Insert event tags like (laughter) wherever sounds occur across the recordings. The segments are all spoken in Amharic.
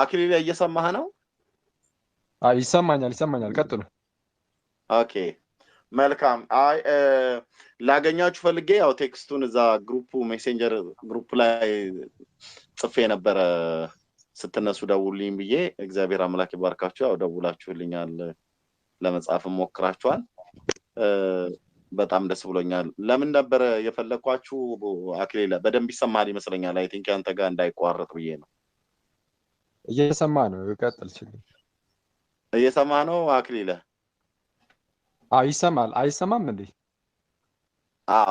አክሊል እየሰማህ ነው? ይሰማኛል፣ ይሰማኛል። ቀጥሉ። ኦኬ መልካም። አይ ላገኛችሁ ፈልጌ ያው ቴክስቱን እዛ ግሩፕ ሜሴንጀር ግሩፕ ላይ ጽፌ ነበረ ስትነሱ ደውልኝ ብዬ እግዚአብሔር አምላክ ይባርካችሁ። ያው ደውላችሁልኛል፣ ለመጻፍ ሞክራችኋል። በጣም ደስ ብሎኛል። ለምን ነበረ የፈለግኳችሁ? አክሌለ በደንብ ይሰማል ይመስለኛል። አይ ቲንክ ያንተ ጋር እንዳይቋረጥ ብዬ ነው። እየሰማ ነው። ቀጥል። ችግር እየሰማ ነው። አክሊለ ይሰማል። አይሰማም እንዴ?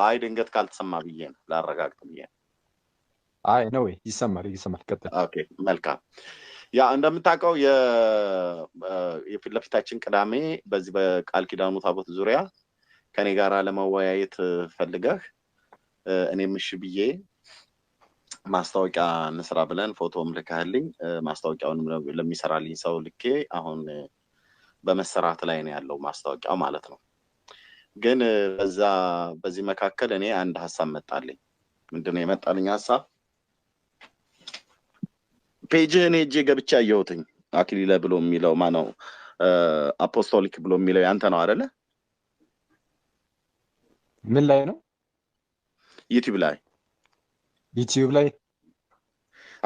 አይ ድንገት ካልተሰማ ብዬ ነው ላረጋግጥ ብዬ ነው። አይ ነው ወይ ይሰማል፣ ይሰማል። ቀጥል። ኦኬ መልካም። ያ እንደምታውቀው የፊት ለፊታችን ቅዳሜ በዚህ በቃል ኪዳኑ ታቦት ዙሪያ ከኔ ጋር ለመወያየት ፈልገህ እኔም እሺ ብዬ ማስታወቂያ እንስራ ብለን ፎቶም ልካህልኝ ማስታወቂያውንም ለሚሰራልኝ ሰው ልኬ አሁን በመሰራት ላይ ነው ያለው ማስታወቂያው ማለት ነው። ግን በዛ በዚህ መካከል እኔ አንድ ሀሳብ መጣልኝ። ምንድነው የመጣልኝ ሀሳብ? እኔ እጄ ገብቻ አየሁትኝ። አክሊለ ብሎ የሚለው ማነው? አፖስቶሊክ ብሎ የሚለው ያንተ ነው አደለ? ምን ላይ ነው? ዩቲብ ላይ ዩቲዩብ ላይ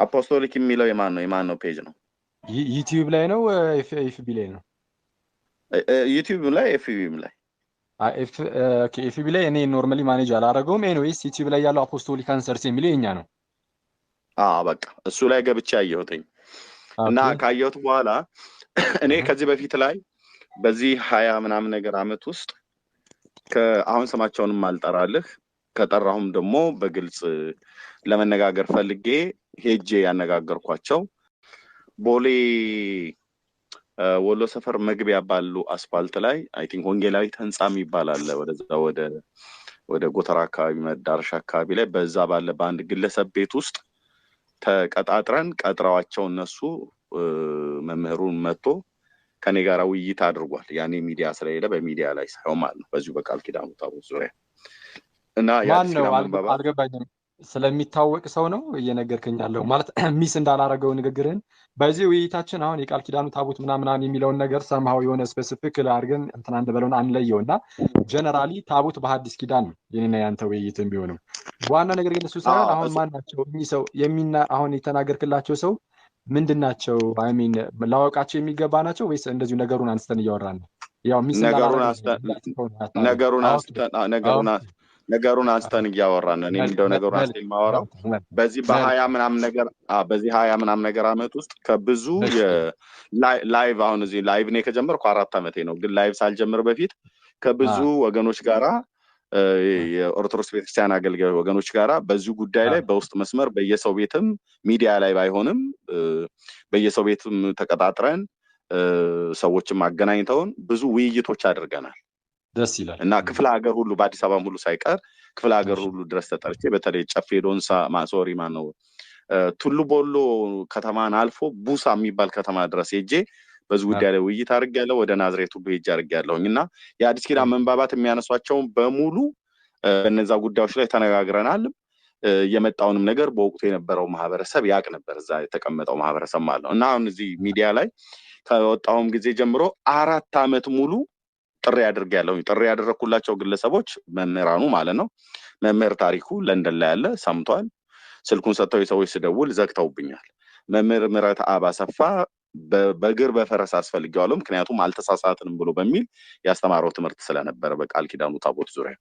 አፖስቶሊክ የሚለው የማን ነው? የማን ነው ፔጅ ነው? ዩቲዩብ ላይ ነው? ኤፍቢ ላይ ነው? ዩቲዩብ ላይ ኤፍቢም ላይ ኤፍቢ ላይ እኔ ኖርማሊ ማኔጅ አላደረገውም። ኤንዌይስ ዩቲዩብ ላይ ያለው አፖስቶሊክ አንሰርስ የሚለው የኛ ነው። በቃ እሱ ላይ ገብቼ አየሁትኝ እና ካየሁት በኋላ (clears throat) እኔ ከዚህ በፊት ላይ በዚህ ሀያ ምናምን ነገር አመት ውስጥ አሁን ስማቸውንም አልጠራልህ ከጠራሁም ደግሞ በግልጽ ለመነጋገር ፈልጌ ሄጄ ያነጋገርኳቸው ቦሌ ወሎ ሰፈር መግቢያ ባሉ አስፋልት ላይ አይ ቲንክ ወንጌላዊ ህንፃም ይባላል ወደዛ ወደ ወደ ጎተራ አካባቢ መዳረሻ አካባቢ ላይ በዛ ባለ በአንድ ግለሰብ ቤት ውስጥ ተቀጣጥረን ቀጥረዋቸው እነሱ መምህሩን መጥቶ ከኔ ጋር ውይይት አድርጓል። ያኔ ሚዲያ ስለሌለ በሚዲያ ላይ ሳይሆን ማለት ነው። በዚሁ በቃል ኪዳኑ ታቦት ዙሪያ እና ማነው አልገባኝም። ስለሚታወቅ ሰው ነው እየነገርከኝ ያለው ማለት (clears throat) ሚስ እንዳላረገው ንግግርህን በዚህ ውይይታችን አሁን የቃል ኪዳኑ ታቦት ምናምናን የሚለውን ነገር ሰምሃው የሆነ ስፔሲፊክ አድርገን እንትና እንደበለውን አንለየው እና ጀነራሊ ታቦት በሐዲስ ኪዳን ነው የኔና ያንተ ውይይት ቢሆንም ዋና ነገር ግን እሱ ሳይሆን አሁን ማን ናቸው ሰው የሚና አሁን የተናገርክላቸው ሰው ምንድን ናቸው? አይሚን ላወቃቸው የሚገባ ናቸው ወይስ እንደዚሁ ነገሩን አንስተን እያወራን ነው? ያው ሚስ ነገሩን ነገሩን አንስተን እያወራን እኔ እንደው ነገሩ አንስተን የማወራው በዚህ በሀያ ምናምን ነገር በዚህ ሀያ ምናምን ነገር አመት ውስጥ ከብዙ ላይቭ አሁን እዚህ ላይቭ እኔ ከጀመርኩ አራት ዓመቴ ነው፣ ግን ላይቭ ሳልጀምር በፊት ከብዙ ወገኖች ጋራ የኦርቶዶክስ ቤተክርስቲያን አገልጋዮች ወገኖች ጋራ በዚሁ ጉዳይ ላይ በውስጥ መስመር በየሰው ቤትም ሚዲያ ላይ ባይሆንም በየሰው ቤትም ተቀጣጥረን ሰዎችም አገናኝተውን ብዙ ውይይቶች አድርገናል። ደስ ይላል እና ክፍለ ሀገር ሁሉ በአዲስ አበባ ሁሉ ሳይቀር ክፍለ ሀገር ሁሉ ድረስ ተጠርቼ በተለይ ጨፌ ዶንሳ ሶሪ ማነው ቱሉ ቦሎ ከተማን አልፎ ቡሳ የሚባል ከተማ ድረስ ሄጄ በዚ ጉዳይ ላይ ውይይት ያለው ወደ ናዝሬት ሁሉ አድርግ ያለውኝ እና የአዲስ ኪዳን መንባባት የሚያነሷቸውን በሙሉ በነዛ ጉዳዮች ላይ ተነጋግረናል። የመጣውንም ነገር በወቅቱ የነበረው ማህበረሰብ ያቅ ነበር፣ እዛ የተቀመጠው ማህበረሰብ ማለት ነው እና አሁን እዚህ ሚዲያ ላይ ከወጣውም ጊዜ ጀምሮ አራት አመት ሙሉ ጥሪ አድርግ ያለው ጥሪ ያደረግኩላቸው ግለሰቦች መምህራኑ ማለት ነው። መምህር ታሪኩ ለንደን ላይ ያለ ሰምቷል። ስልኩን ሰጥተው የሰዎች ስደውል ዘግተውብኛል። መምህር ምረት አባሰፋ በእግር በፈረስ አስፈልጌዋለሁ ምክንያቱም አልተሳሳትንም ብሎ በሚል ያስተማረው ትምህርት ስለነበረ በቃል ኪዳኑ ታቦት ዙሪያ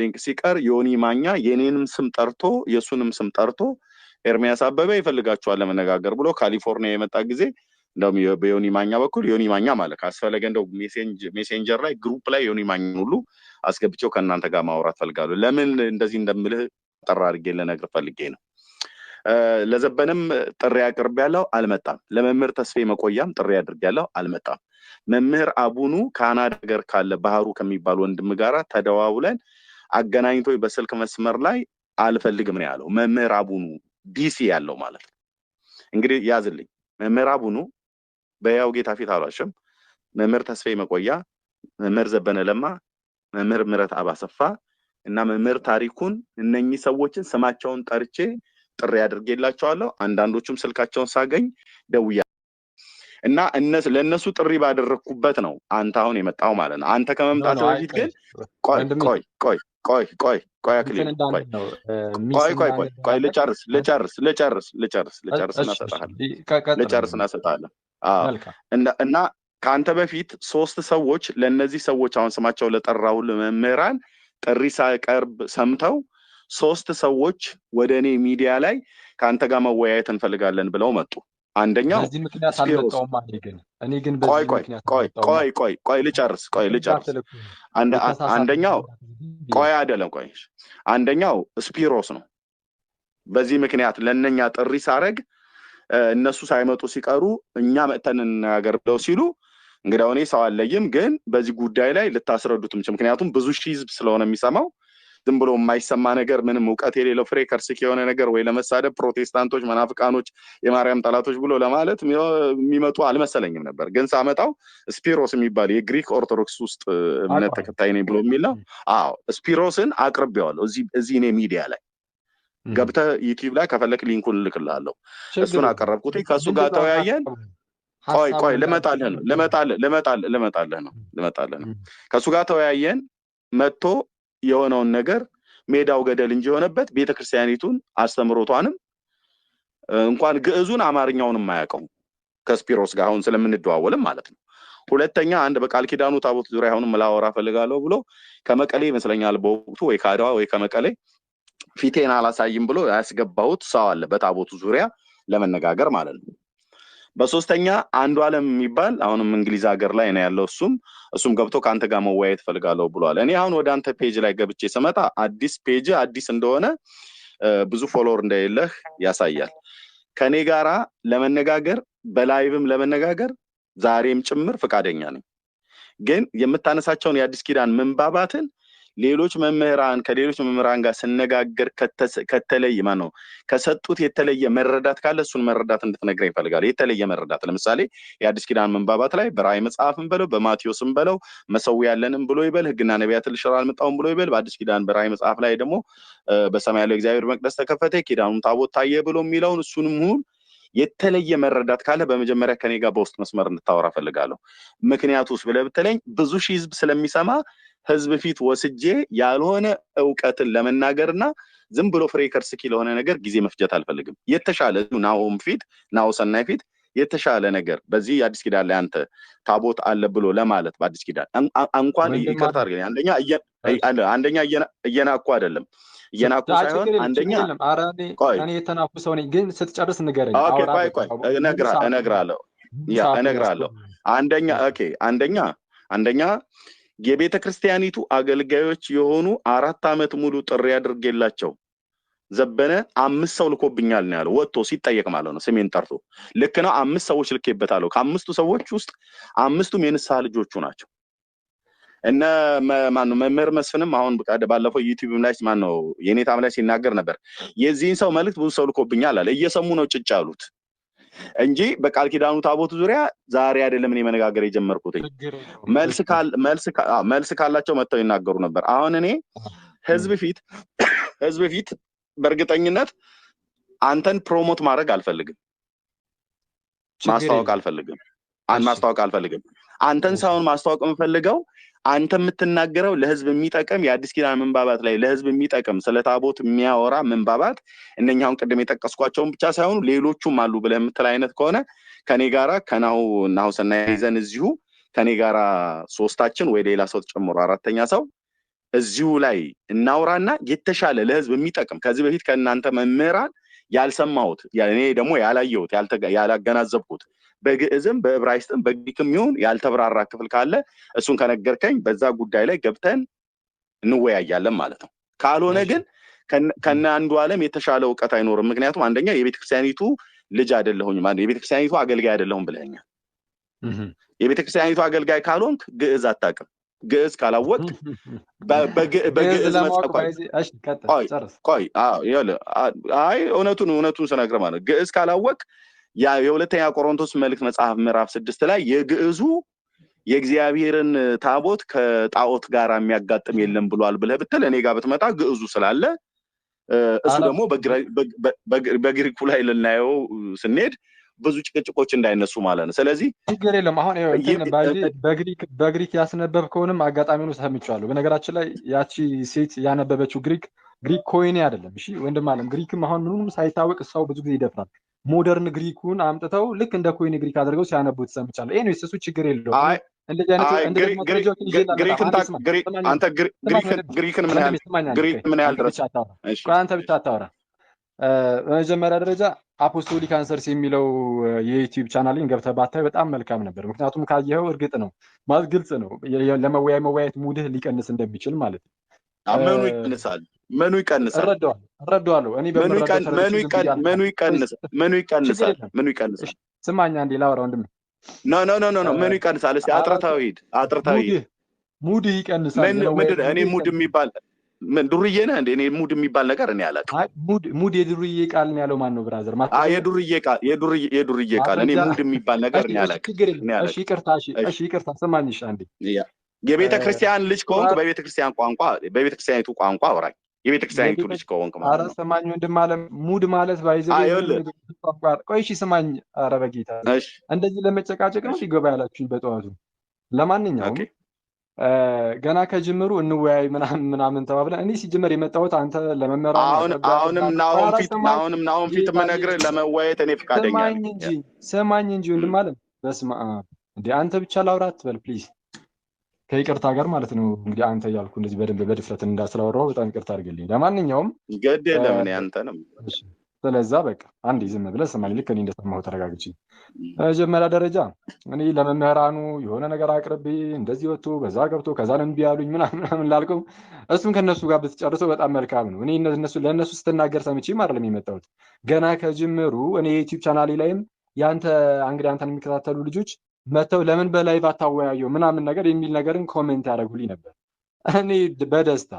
ሊንክ ሲቀር ዮኒ ማኛ የኔንም ስም ጠርቶ የእሱንም ስም ጠርቶ ኤርሚያስ አበበ ይፈልጋቸዋል ለመነጋገር ብሎ ካሊፎርኒያ የመጣ ጊዜ እንደውም በዮኒ ማኛ በኩል ዮኒ ማኛ ማለት ካስፈለገ እንደው ሜሴንጀር ላይ ግሩፕ ላይ ዮኒ ማኛን ሁሉ አስገብቼው ከእናንተ ጋር ማውራት ፈልጋሉ። ለምን እንደዚህ እንደምልህ ጠራ አድርጌ ልነግርህ ፈልጌ ነው። ለዘበንም ጥሪ አቅርብ ያለው አልመጣም። ለመምህር ተስፌ መቆያም ጥሪ አድርግ ያለው አልመጣም። መምህር አቡኑ ካናዳ ሀገር ካለ ባህሩ ከሚባል ወንድም ጋራ ተደዋውለን አገናኝቶ በስልክ መስመር ላይ አልፈልግም ነው ያለው። መምህር አቡኑ ዲሲ ያለው ማለት ነው። እንግዲህ ያዝልኝ መምህር አቡኑ በያው ጌታ ፊት አሏሽም መምህር ተስፋዬ መቆያ፣ መምህር ዘበነ ለማ፣ መምህር ምረት አባሰፋ እና መምህር ታሪኩን እነኚህ ሰዎችን ስማቸውን ጠርቼ ጥሪ አድርጌላቸዋለሁ። አንዳንዶቹም ስልካቸውን ሳገኝ ደውያ እና ለእነሱ ጥሪ ባደረግኩበት ነው አንተ አሁን የመጣው ማለት ነው። አንተ ከመምጣት በፊት ግን ቆይ ቆይ ቆይ ቆይ ቆይ አክሊል ቆይ ቆይ ቆይ ቆይ ቆይ ልጨርስ ልጨርስ ልጨርስ ልጨርስ ልጨርስ እናሰጣለን ልጨርስ እናሰጣለን እና ከአንተ በፊት ሶስት ሰዎች ለእነዚህ ሰዎች አሁን ስማቸው ለጠራው መምህራን ጥሪ ሳቀርብ ሰምተው ሶስት ሰዎች ወደ እኔ ሚዲያ ላይ ከአንተ ጋር መወያየት እንፈልጋለን ብለው መጡ። አንደኛው ቆይ ቆይ ቆይ ቆይ ቆይ ልጨርስ ቆይ ልጨርስ። አንደኛው ቆይ አይደለም ቆይ አንደኛው ስፒሮስ ነው። በዚህ ምክንያት ለእነኛ ጥሪ ሳረግ እነሱ ሳይመጡ ሲቀሩ እኛ መጥተን እንናገር ብለው ሲሉ እንግዲያው እኔ ሰው አለይም፣ ግን በዚህ ጉዳይ ላይ ልታስረዱት ምክንያቱም ብዙ ሺህ ህዝብ ስለሆነ የሚሰማው ዝም ብሎ የማይሰማ ነገር ምንም እውቀት የሌለው ፍሬ ከርስክ የሆነ ነገር ወይ ለመሳደብ ፕሮቴስታንቶች፣ መናፍቃኖች፣ የማርያም ጠላቶች ብሎ ለማለት የሚመጡ አልመሰለኝም ነበር። ግን ሳመጣው ስፒሮስ የሚባል የግሪክ ኦርቶዶክስ ውስጥ እምነት ተከታይ ነኝ ብሎ የሚል ነው። አዎ ስፒሮስን አቅርቤዋለሁ እዚህ እኔ ሚዲያ ላይ ገብተ ዩቲዩብ ላይ ከፈለክ ሊንኩን ልክላለሁ። እሱን አቀረብኩት። ከእሱ ጋር ተወያየን። ቆይ ቆይ ልመጣልህ ነው ልመጣልህ ልመጣልህ ነው ልመጣልህ ነው። ከእሱ ጋር ተወያየን መጥቶ የሆነውን ነገር ሜዳው ገደል እንጂ የሆነበት ቤተክርስቲያኒቱን አስተምሮቷንም እንኳን ግዕዙን አማርኛውንም አያውቀው ከስፒሮስ ጋር አሁን ስለምንደዋወልም ማለት ነው። ሁለተኛ አንድ በቃል ኪዳኑ ታቦት ዙሪያ አሁንም ላወራ ፈልጋለሁ ብሎ ከመቀሌ ይመስለኛል በወቅቱ ወይ ከአድዋ ወይ ከመቀሌ ፊቴን አላሳይም ብሎ ያስገባሁት ሰው አለ በታቦቱ ዙሪያ ለመነጋገር ማለት ነው። በሶስተኛ አንዱ አለም የሚባል አሁንም እንግሊዝ ሀገር ላይ ነው ያለው። እሱም እሱም ገብቶ ከአንተ ጋር መወያየት ፈልጋለሁ ብሏል። እኔ አሁን ወደ አንተ ፔጅ ላይ ገብቼ ስመጣ አዲስ ፔጅ አዲስ እንደሆነ ብዙ ፎሎወር እንደሌለህ ያሳያል። ከኔ ጋራ ለመነጋገር በላይቭም ለመነጋገር ዛሬም ጭምር ፈቃደኛ ነኝ። ግን የምታነሳቸውን የአዲስ ኪዳን ምንባባትን ሌሎች መምህራን ከሌሎች መምህራን ጋር ስነጋገር ከተለየ ማ ነው ከሰጡት የተለየ መረዳት ካለ እሱን መረዳት እንድትነግረኝ ይፈልጋል። የተለየ መረዳት ለምሳሌ የአዲስ ኪዳን መንባባት ላይ በራእይ መጽሐፍም በለው በማቴዎስም በለው መሰዊ ያለንም ብሎ ይበል ሕግና ነቢያት ልሽር አልመጣውም ብሎ ይበል። በአዲስ ኪዳን በራእይ መጽሐፍ ላይ ደግሞ በሰማይ ያለው እግዚአብሔር መቅደስ ተከፈተ፣ ኪዳኑን ታቦት ታየ ብሎ የሚለውን እሱንም ሁን የተለየ መረዳት ካለ በመጀመሪያ ከኔ ጋር በውስጥ መስመር እንድታወራ ፈልጋለሁ። ምክንያቱ ውስጥ ብለህ ብትለኝ ብዙ ሺህ ህዝብ ስለሚሰማ ህዝብ ፊት ወስጄ ያልሆነ እውቀትን ለመናገርና ዝም ብሎ ፍሬ ከርስኪ ለሆነ ነገር ጊዜ መፍጀት አልፈልግም። የተሻለ ናሆም ፊት ሰናይ ፊት የተሻለ ነገር በዚህ አዲስ ኪዳን ላይ አንተ ታቦት አለ ብሎ ለማለት በአዲስ ኪዳን እንኳን ይቅርታ አድርገኝ። አንደኛ አንደኛ እየናኩ አይደለም እየናኩ ሳይሆን አንደኛ የተናኩ ሰው ነኝ፣ ግን ስትጨርስ ንገረኝ። ቆይ ቆይ እነግርሃለሁ እነግርሃለሁ። አንደኛ ኦኬ አንደኛ አንደኛ የቤተ ክርስቲያኒቱ አገልጋዮች የሆኑ አራት ዓመት ሙሉ ጥሪ አድርጌላቸው ዘበነ አምስት ሰው ልኮብኛል ነው ያለው። ወጥቶ ሲጠየቅ ማለት ነው ስሜን ጠርቶ ልክ ነው አምስት ሰዎች ልኬበታለሁ። ከአምስቱ ሰዎች ውስጥ አምስቱም የንስሐ ልጆቹ ናቸው። እነ ነው መምህር መስፍንም አሁን ባለፈው ዩቲዩብም ላይ ማን ማነው የኔታም ላይ ሲናገር ነበር። የዚህን ሰው መልእክት ብዙ ሰው ልኮብኛል አለ። እየሰሙ ነው ጭጭ አሉት እንጂ በቃል ኪዳኑ ታቦት ዙሪያ ዛሬ አይደለም እኔ መነጋገር የጀመርኩትኝ። መልስ ካላቸው መጥተው ይናገሩ ነበር። አሁን እኔ ህዝብ ፊት (coughs) ህዝብ ፊት በእርግጠኝነት አንተን ፕሮሞት ማድረግ አልፈልግም፣ ማስታወቅ አልፈልግም፣ ማስታወቅ አልፈልግም። አንተን ሳይሆን ማስታወቅ የምፈልገው አንተ የምትናገረው ለህዝብ የሚጠቅም የአዲስ ኪዳን መንባባት ላይ ለህዝብ የሚጠቅም ስለ ታቦት የሚያወራ መንባባት እነኛ አሁን ቅድም የጠቀስኳቸውን ብቻ ሳይሆኑ ሌሎቹም አሉ ብለህ የምትል አይነት ከሆነ ከኔ ጋራ ከናሁ ናሁሰና ይዘን እዚሁ ከኔ ጋራ ሶስታችን ወይ ሌላ ሰው ተጨምሮ አራተኛ ሰው እዚሁ ላይ እናውራና የተሻለ ለህዝብ የሚጠቅም ከዚህ በፊት ከእናንተ መምህራን ያልሰማሁት እኔ ደግሞ ያላየሁት ያላገናዘብኩት በግዕዝም በዕብራይስጥም በግሪክም ይሁን ያልተብራራ ክፍል ካለ እሱን ከነገርከኝ በዛ ጉዳይ ላይ ገብተን እንወያያለን ማለት ነው። ካልሆነ ግን ከነ አንዱ ዓለም የተሻለ እውቀት አይኖርም። ምክንያቱም አንደኛ የቤተክርስቲያኒቱ ልጅ አደለሁኝ ማለት የቤተክርስቲያኒቱ አገልጋይ አይደለሁም ብለኛል። የቤተክርስቲያኒቱ አገልጋይ ካልሆንክ ግዕዝ አታቅም ግዕዝ ካላወቅ በግዕዝ አይ እውነቱን እውነቱን ስነግርህ ማለት ግዕዝ ካላወቅ የሁለተኛ ቆሮንቶስ መልክ መጽሐፍ ምዕራፍ ስድስት ላይ የግዕዙ የእግዚአብሔርን ታቦት ከጣዖት ጋር የሚያጋጥም የለም ብሏል ብለህ ብትል እኔ ጋር ብትመጣ ግዕዙ ስላለ እሱ ደግሞ በግሪኩ ላይ ልናየው ስንሄድ ብዙ ጭቅጭቆች እንዳይነሱ ማለት ነው። ስለዚህ ችግር የለም። አሁን በግሪክ ያስነበብ አጋጣሚ ነው ሰምቼዋለሁ። በነገራችን ላይ ያቺ ሴት ያነበበችው ግሪክ ግሪክ ኮይኔ አይደለም። እሺ ወንድም አለም ግሪክም አሁን ምንም ሳይታወቅ ሰው ብዙ ጊዜ ይደፍራል። ሞደርን ግሪኩን አምጥተው ልክ እንደ ኮይኔ ግሪክ አድርገው ሲያነቡት ሰምቻለሁ። ነው እሱ ችግር የለው። ግሪክን ምን ያህል ድረስ አንተ ብቻ አታወራ በመጀመሪያ ደረጃ አፖስቶሊክ አንሰርስ የሚለው የዩቲዩብ ቻናልን ገብተህ ባታይ በጣም መልካም ነበር። ምክንያቱም ካየኸው እርግጥ ነው ማለት ግልጽ ነው ለመወያይ መወያየት ሙድህ ሊቀንስ እንደሚችል ማለት ነው። መኑ ይቀንሳል፣ መኑ ይቀንሳል፣ እረዳዋለሁ። እኔ መኑ ይቀንሳል፣ መኑ ይቀንሳል። መኑ ይቀንሳል? ስማኛ እንዴ ላውራ ወንድም ኖ ኖ ኖ ኖ መኑ ይቀንሳል። እስኪ አጥርታው ሂድ፣ አጥርታው ሂድ። ሙድህ ይቀንሳል። ምንድን እኔ ሙድ የሚባል ዱርዬ ነህ እንደ እኔ ሙድ የሚባል ነገር እኔ አላውቅም። ሙድ የዱርዬ ቃል ነው ያለው ማን ነው ብራዘር? የዱርዬ ቃል እኔ ሙድ የሚባል ነገር እኔ አላውቅም። ይቅርታ ስማኝ አንዴ። የቤተ ክርስቲያን ልጅ ከሆንክ በቤተ ክርስቲያን ቋንቋ በቤተ ክርስቲያኒቱ ቋንቋ አውራኝ። የቤተ ክርስቲያኒቱ ልጅ ከሆንክ ማለት ኧረ ስማኝ ወንድም አለ ሙድ ማለት ባይዘ ቆይ እሺ ስማኝ። ኧረ በጌታ እንደዚህ ለመጨቃጨቅ ነው ሲገባ ያላችሁኝ በጠዋቱ ለማንኛውም ገና ከጅምሩ እንወያይ ምናምን ምናምን ተባብለን እኔ ሲጀመር የመጣሁት አንተ ለመመራሁንም ናሁን ፊት ናሁን ፊት የምነግርህ ለመወያየት እኔ ፍቃደኛ እንጂ ስማኝ እንጂ ወንድም አለም በስመ አብ እንደ አንተ ብቻ ላውራ አትበል ፕሊዝ ከይቅርታ ጋር ማለት ነው እንግዲህ አንተ እያልኩ እንደዚህ በደንብ በድፍረት እንዳስላወራሁ በጣም ይቅርታ አድርግልኝ ለማንኛውም ግድ የለም እኔ አንተንም ስለዛ በቃ አንድ ዝም ብለህ ስማኝ፣ ልክ እኔ እንደሰማሁ ተረጋግቼ። መጀመሪያ ደረጃ እኔ ለመምህራኑ የሆነ ነገር አቅርብ እንደዚህ ወጥቶ በዛ ገብቶ ከዛ እምቢ ያሉኝ ምናምን ላልከው እሱም ከእነሱ ጋር ብትጨርሰው በጣም መልካም ነው። እኔ ለእነሱ ስትናገር ሰምቼም አይደለም የመጣሁት። ገና ከጅምሩ እኔ የዩቲዩብ ቻናሌ ላይም ያንተ እንግዲህ አንተን የሚከታተሉ ልጆች መተው ለምን በላይቭ አታወያየው ምናምን ነገር የሚል ነገርን ኮሜንት ያደረጉልኝ ነበር። እኔ በደስታ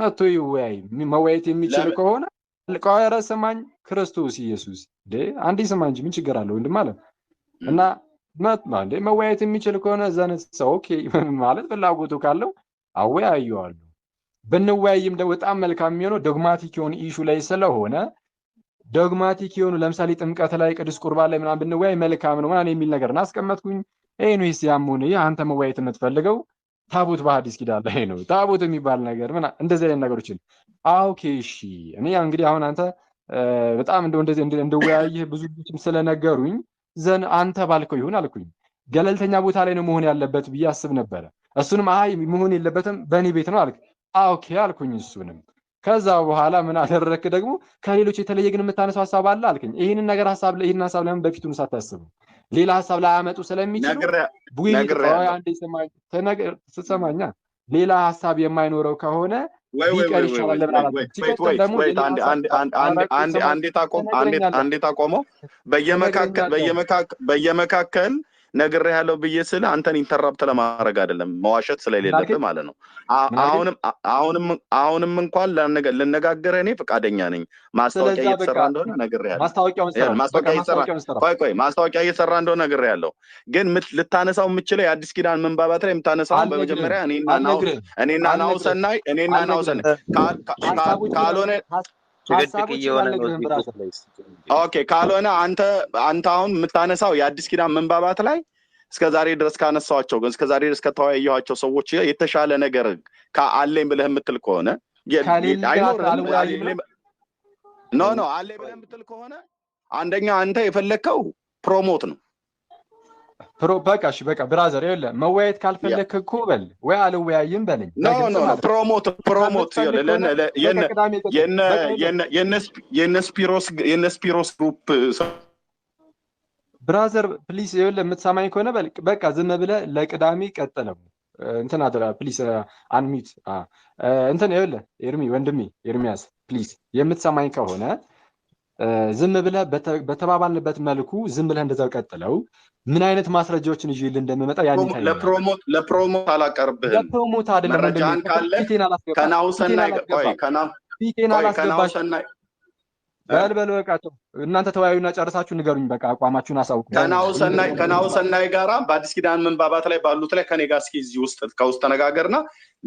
መቶ ይወያይ መወያየት የሚችል ከሆነ ልቀዋ ኧረ ስማኝ ክርስቶስ ኢየሱስ እንዴ አንዴ ስማ እንጂ ምን ችግር አለው ወንድም አለ እና ማለት መወያየት የሚችል ከሆነ ዘነት ሰው ኦኬ (laughs) ማለት ፍላጎቱ ካለው አወያየዋለሁ። ብንወያይም ደግሞ በጣም መልካም የሚሆነው ዶግማቲክ የሆኑ ኢሹ ላይ ስለሆነ ዶግማቲክ የሆኑ ለምሳሌ ጥምቀት ላይ፣ ቅዱስ ቁርባን ላይ ምናምን ብንወያይ መልካም ነው ምናምን የሚል ነገር እናስቀመጥኩኝ። ይህ ነው ያም ሆነ ይህ አንተ መወያየት የምትፈልገው ታቦት በሐዲስ ኪዳን ላይ ነው። ታቦት የሚባል ነገር ምን እንደዚህ አይነት ነገሮችን አውኬ እሺ። እኔ ያው እንግዲህ አሁን አንተ በጣም እንደው እንደዚህ እንደወያየህ ብዙ ጊዜም ስለነገሩኝ ዘን አንተ ባልከው ይሁን አልኩኝ። ገለልተኛ ቦታ ላይ ነው መሆን ያለበት ብዬ አስብ ነበረ። እሱንም አይ መሆን የለበትም በእኔ ቤት ነው አልክ። ኦኬ አልኩኝ። እሱንም ከዛ በኋላ ምን አደረክ ደግሞ ከሌሎች የተለየ ግን የምታነሳው ሀሳብ አለ አልከኝ። ይህንን ነገር ሀሳብ ይህንን ሀሳብ ለምን በፊቱን ሳታስብ ሌላ ሀሳብ ላያመጡ ስለሚችሉ ስሰማኛ ሌላ ሀሳብ የማይኖረው ከሆነ ሊቀር ይችላል። አንዴ ታቆመው በየመካከል ያለው ብዬ ስለ አንተን ኢንተራፕት ለማድረግ አይደለም፣ መዋሸት ስለሌለብህ ማለት ነው። አሁንም እንኳን ልነጋገር እኔ ፈቃደኛ ነኝ። ማስታወቂያ እየተሰራ እንደሆነ ነግሬሃለሁ። ማስታወቂያ እየተሰራ እንደሆነ ነግሬሃለሁ። ግን ልታነሳው የምችለው የአዲስ ኪዳን መንባባት ላይ የምታነሳው በመጀመሪያ እኔና ናሁሰናይ እኔና ናሁሰናይ ካልሆነ ኦኬ ካልሆነ አንተ አንተ አሁን የምታነሳው የአዲስ ኪዳን መንባባት ላይ እስከ ዛሬ ድረስ ካነሳኋቸው ግን እስከ ዛሬ ድረስ ከተወያየኋቸው ሰዎች የተሻለ ነገር አለኝ ብለህ የምትል ከሆነ ኖ ኖ አለኝ ብለህ የምትል ከሆነ አንደኛ አንተ የፈለግከው ፕሮሞት ነው በቃ እሺ፣ በቃ ብራዘር የለ መወያየት ካልፈለክ እኮ በል ወይ አልወያይም በለኝ። ፕሮሞት ፕሮሞት የነ ስፒሮስ ግሩፕ ብራዘር ፕሊስ፣ የለ የምትሰማኝ ከሆነ በል በቃ ዝም ብለ ለቅዳሜ ቀጠለው እንትን አደራ ፕሊስ፣ አንሚት እንትን የለ ኤርሚ ወንድሜ ኤርሚያስ ፕሊስ የምትሰማኝ ከሆነ ዝም ብለህ በተባባልንበት መልኩ ዝም ብለህ እንደዛው ቀጥለው ምን አይነት ማስረጃዎችን ይዤልህ እንደምመጣ ያን ለፕሮሞት ለፕሮሞት አላቀርብህም። ለፕሮሞት አይደለም መረጃን ካለ በልበል በቃቸው። እናንተ ተወያዩና ጨርሳችሁ ንገሩኝ። በቃ አቋማችሁን አሳውቁ። ከናሁሰናይ ጋራ በአዲስ ኪዳን መንባባት ላይ ባሉት ላይ ከኔ ጋር እስኪ እዚህ ውስጥ ከውስጥ ተነጋገርና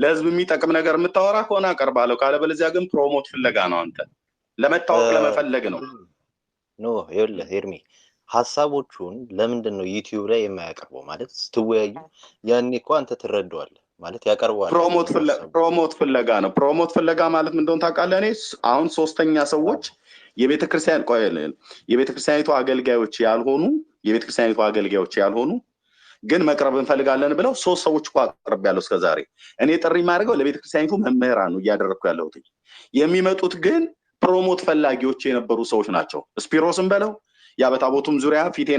ለህዝብ የሚጠቅም ነገር የምታወራ ከሆነ አቀርባለሁ። ካለበለዚያ ግን ፕሮሞት ፍለጋ ነው አንተ ለመታወቅ ለመፈለግ ነው። ኖ ይኸውልህ ኤርሚ ሀሳቦቹን ለምንድን ነው ዩቲዩብ ላይ የማያቀርበው? ማለት ስትወያዩ ያኔ እኮ አንተ ትረዳዋለህ ማለት ያቀርበዋል። ፕሮሞት ፍለጋ ነው። ፕሮሞት ፍለጋ ማለት ምንደሆን እንደሆነ ታውቃለህ? እኔ አሁን ሶስተኛ ሰዎች የቤተክርስቲያን ቆይ የቤተክርስቲያኒቱ አገልጋዮች ያልሆኑ የቤተክርስቲያኒቱ አገልጋዮች ያልሆኑ ግን መቅረብ እንፈልጋለን ብለው ሶስት ሰዎች እኮ አቅርብ ያለው እስከ ዛሬ እኔ ጥሪ የማደርገው ለቤተክርስቲያኒቱ መምህራን ነው እያደረግኩ ያለሁት። የሚመጡት ግን ፕሮሞት ፈላጊዎች የነበሩ ሰዎች ናቸው። ስፒሮስም በለው ያ በታቦቱም ዙሪያ ፊቴን